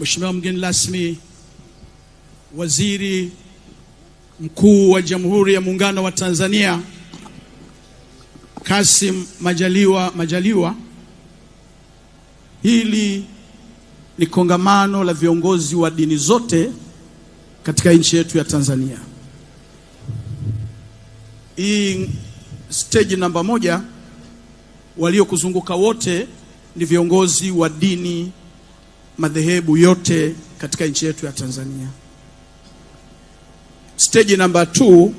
Mheshimiwa mgeni rasmi, Waziri Mkuu wa Jamhuri ya Muungano wa Tanzania Kassim Majaliwa Majaliwa, hili ni kongamano la viongozi wa dini zote katika nchi yetu ya Tanzania. Hii stage namba moja, waliokuzunguka wote ni viongozi wa dini madhehebu yote katika nchi yetu ya Tanzania. Stage namba 2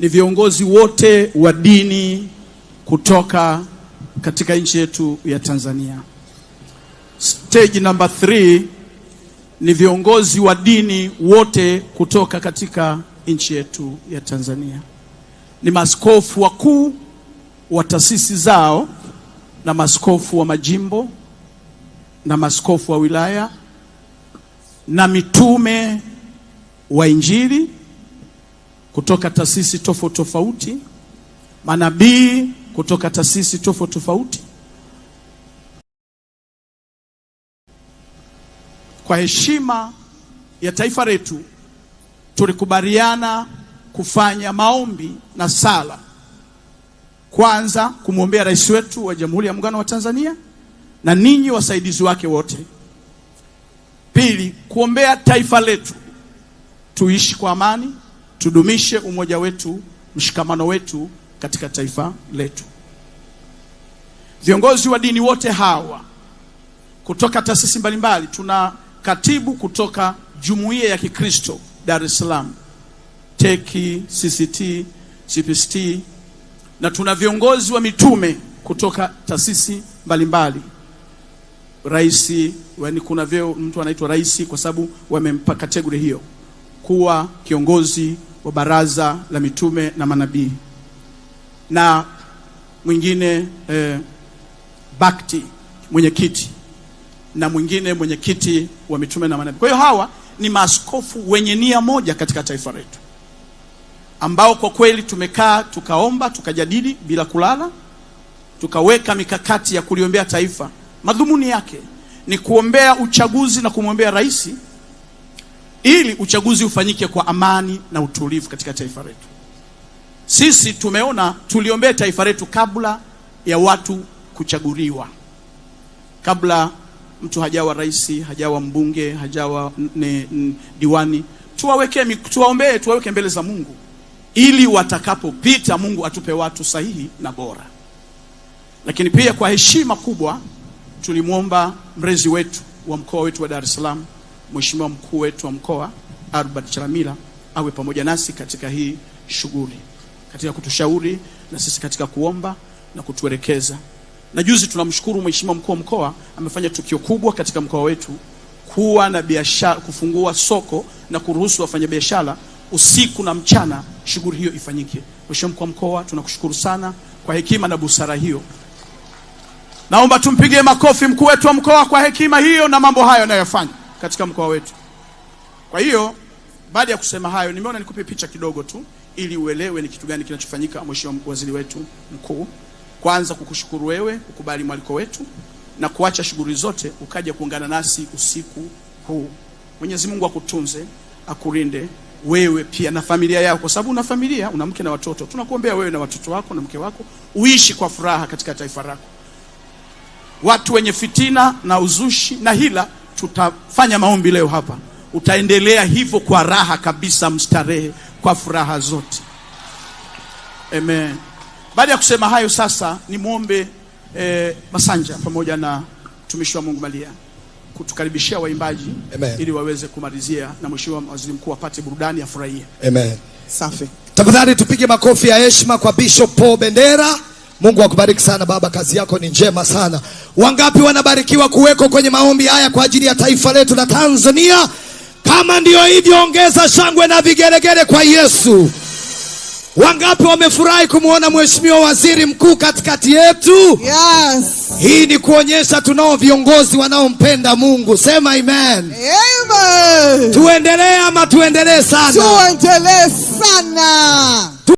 ni viongozi wote wa dini kutoka katika nchi yetu ya Tanzania. Stage namba 3 ni viongozi wa dini wote kutoka katika nchi yetu ya Tanzania. Ni maaskofu wakuu wa taasisi zao na maaskofu wa majimbo na maskofu wa wilaya na mitume wa Injili kutoka taasisi tofauti tofauti, manabii kutoka taasisi tofauti tofauti. Kwa heshima ya taifa letu, tulikubaliana kufanya maombi na sala, kwanza kumwombea rais wetu wa Jamhuri ya Muungano wa Tanzania na ninyi wasaidizi wake wote. Pili, kuombea taifa letu, tuishi kwa amani, tudumishe umoja wetu, mshikamano wetu katika taifa letu. Viongozi wa dini wote hawa kutoka taasisi mbalimbali, tuna katibu kutoka Jumuiya ya Kikristo Dar es Salaam, TEKI, CCT, CPST na tuna viongozi wa mitume kutoka taasisi mbalimbali rais, yani kuna vyeo mtu anaitwa rais kwa sababu wamempa kategori hiyo, kuwa kiongozi wa baraza la mitume na manabii, na mwingine eh, bakti mwenyekiti, na mwingine mwenyekiti wa mitume na manabii. Kwa hiyo hawa ni maaskofu wenye nia moja katika taifa letu ambao kwa kweli tumekaa tukaomba tukajadili bila kulala, tukaweka mikakati ya kuliombea taifa madhumuni yake ni kuombea uchaguzi na kumwombea rais ili uchaguzi ufanyike kwa amani na utulivu katika taifa letu. Sisi tumeona tuliombea taifa letu kabla ya watu kuchaguliwa, kabla mtu hajawa rais, hajawa mbunge, hajawa ne, ne, diwani, tuwaweke tuwaombee, tuwaweke mbele za Mungu ili watakapopita Mungu atupe watu sahihi na bora. Lakini pia kwa heshima kubwa Tulimwomba mrezi wetu wa mkoa wetu wa Dar es Salaam, Mheshimiwa mkuu wetu wa mkoa Albert Chalamila awe pamoja nasi katika hii shughuli, katika kutushauri na sisi katika kuomba na kutuelekeza. Na juzi tunamshukuru Mheshimiwa mkuu wa mkoa amefanya tukio kubwa katika mkoa wetu kuwa na biashara, kufungua soko na kuruhusu wafanyabiashara usiku na mchana shughuli hiyo ifanyike. Mheshimiwa mkuu wa mkoa, tunakushukuru sana kwa hekima na busara hiyo. Naomba tumpigie makofi mkuu wetu wa mkoa kwa hekima hiyo na mambo hayo anayofanya katika mkoa wetu. Kwa hiyo baada ya kusema hayo, nimeona nikupe picha kidogo tu ili uelewe ni kitu gani kinachofanyika. Mheshimiwa Waziri wetu Mkuu, kwanza kukushukuru wewe kukubali mwaliko wetu na kuacha shughuli zote ukaja kuungana nasi usiku huu. Mwenyezi Mungu akutunze, akulinde wewe pia na familia yako, kwa sababu una familia, una mke na watoto. Tunakuombea wewe na watoto wako na mke wako uishi kwa furaha katika taifa lako watu wenye fitina na uzushi na hila, tutafanya maombi leo hapa. Utaendelea hivyo kwa raha kabisa, mstarehe kwa furaha zote. Amen. Baada ya kusema hayo, sasa nimwombe eh, Masanja pamoja na mtumishi wa Mungu Malia kutukaribishia waimbaji ili waweze kumalizia na mheshimiwa waziri mkuu apate burudani afurahie. Amen. Safi. Tafadhali tupige makofi ya heshima kwa Bishop Paul Bendera. Mungu akubariki sana baba, kazi yako ni njema sana. Wangapi wanabarikiwa kuweko kwenye maombi haya kwa ajili ya taifa letu la Tanzania? Kama ndiyo hivyo, ongeza shangwe na vigelegele kwa Yesu. Wangapi wamefurahi kumwona Mheshimiwa Waziri Mkuu katikati yetu? Yes. Hii ni kuonyesha tunao viongozi wanaompenda Mungu. Sema amen. Amen. Tuendelee ama tuendelee sana? Tuendelee sana.